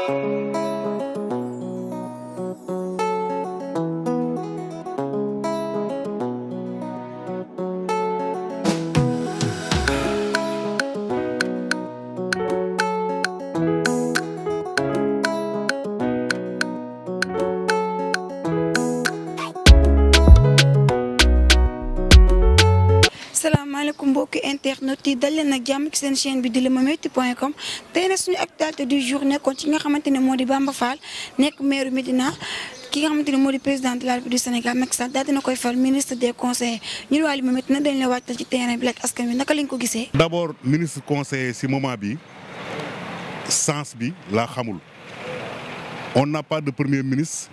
Música mbokki internet yi dal leen ak jàmm ci seen chaîne bi di limametti.com tey nag suñu actualité du jour nekkoon ci nga xamante ne moo di Bamba Fall nekk maire medina ki nga xamante ne moo di président de la République du Sénégal Macky Sall daal dina koy fal ministre des conseils ñu waa Limametti na dañ la waajal ci terrain bi laaj askan bi naka lañ ko gisee. d' abord ministre conseiller si moment bi sens bi la xamul on n'a pas de premier ministre.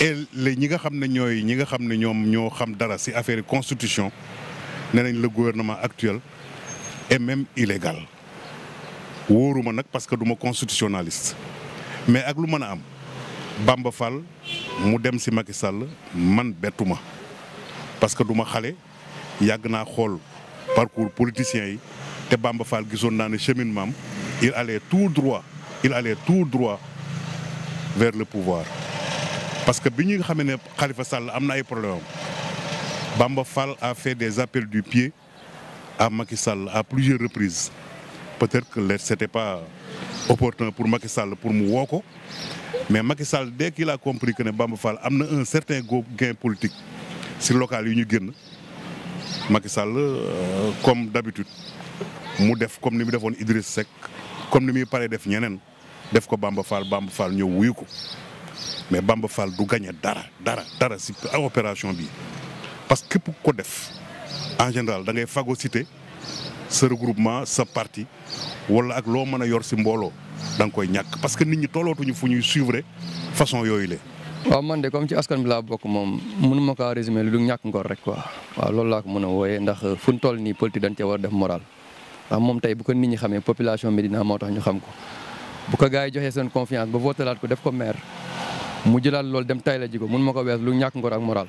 et les ñi nga xam ne ñooy ñi nga xam ne ñoom ñoo xam dara ci affaire constitution nee le gouvernement actuel est même illégal wóoruma nag parce que du ma constitutionnaliste mais ak lu mën a am Bamba Fall mu dem si Macky man parce que du ma xale yàgg naa xool parcours politicien yi te Bamba Fall gisoon naa ne cheminement am il allait tout droit il allait tout droit vers le pouvoir parce que bi ñu xamee ne Khalifa Sall am ay problème Bamba Fall a fait des appels du pied à Macky Sall à plusieurs reprises. Peut-être que ce n'était pas opportun pour Macky Sall pour Mouwoko, mais Macky Sall, dès qu'il a compris que Bamba Fall a un certain gain politique sur le local, Macky Sall, euh, comme d'habitude, comme ni mu defoon Idriss Seck comme ni muy paree def il def ko Bamba Fall Bamba Fall nous ko mais Bamba Fall du gagné dara dara dara c'est opération bi parce que képp ko def en général da ngay phagocyté sa regroupement sa parti wala ak loo mën a yor si mbooloo da nga koy ñàkk parce que nit ñi tollootuñu fu ñuy suivre façon yooyu le waaw man de comme ci askan bi laa bokk moom mënuma kaa résumer lu du ñàkk ngor rek quoi waaw loolu laa ko mën a wooyee ndax euh, fu ñu toll nii politique dañ cee war def moral ndax moom tey bu ko nit ñi xamee population Médina moo tax ñu xam ko bu ko gars yi joxee seen confiance ba vootalaat ko def ko maire mu jëlaat loolu dem tay la ji ko mënuma ko wees lu ñàkk ngor ak moral.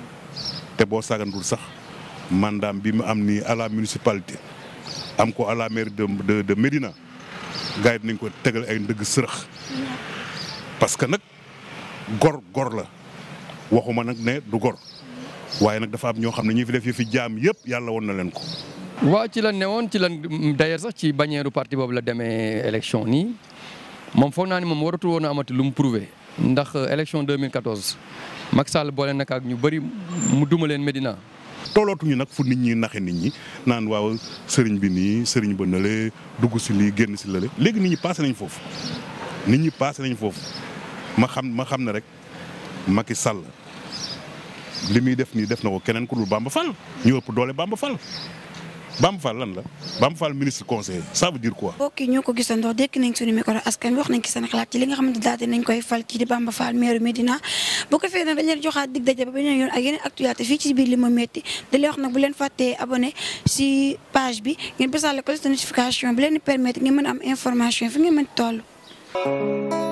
te boo sagantul sax mandaam bi ma am nii à la municipalité am ko à la mairie de de de Médina gars yi ko tegal ay ndëgg sërëx parce que nag gor gor la waxuma nag ne du gor waaye nag dafa am ñoo xam ne ñi fi def fi jaam yëpp yàlla woon na leen ko. waa ci la ne woon ci lan d'ailleurs sax ci bannière parti boobu la demee élection nii moom foog naa ne moom waratul woon a amati lu mu prouvé. ndax euh, élection 2014 Macky Sall boole nag ak ñu bari mu duma leen Medina. toolootuñu nag fu nit ñi naxe nit ñi naan waaw sëriñ bi nii sëriñ ba nële dugg si lii génn si lële léegi nit ñi passé nañ foofu nit ñi paase nañ foofu ma xam ma xam ne rek Macky Sall li muy def nii def na ko keneen ku dul Bamba Fall ñu ëpp doole Bamba Fall. Bamfal, lan la bamfal ministre conseil ça veut dire quoi. mbokk yi ñoo ko gisandoo dégg nañ suñu micro askan wax nañ ci seen xalaat ci li nga xamante daal nañ koy fal kii di Bamba Fall maire medina bu ko fee nag dañ leen joxaat dig daje ba ñu yoon ak yeneen actualité fi ci biir li mo metti di lay wax nak bu leen faté abonné ci page bi ngeen bésaale ko liste notification bu leen permettre ngeen mëna am information fi ngeen mëna tollu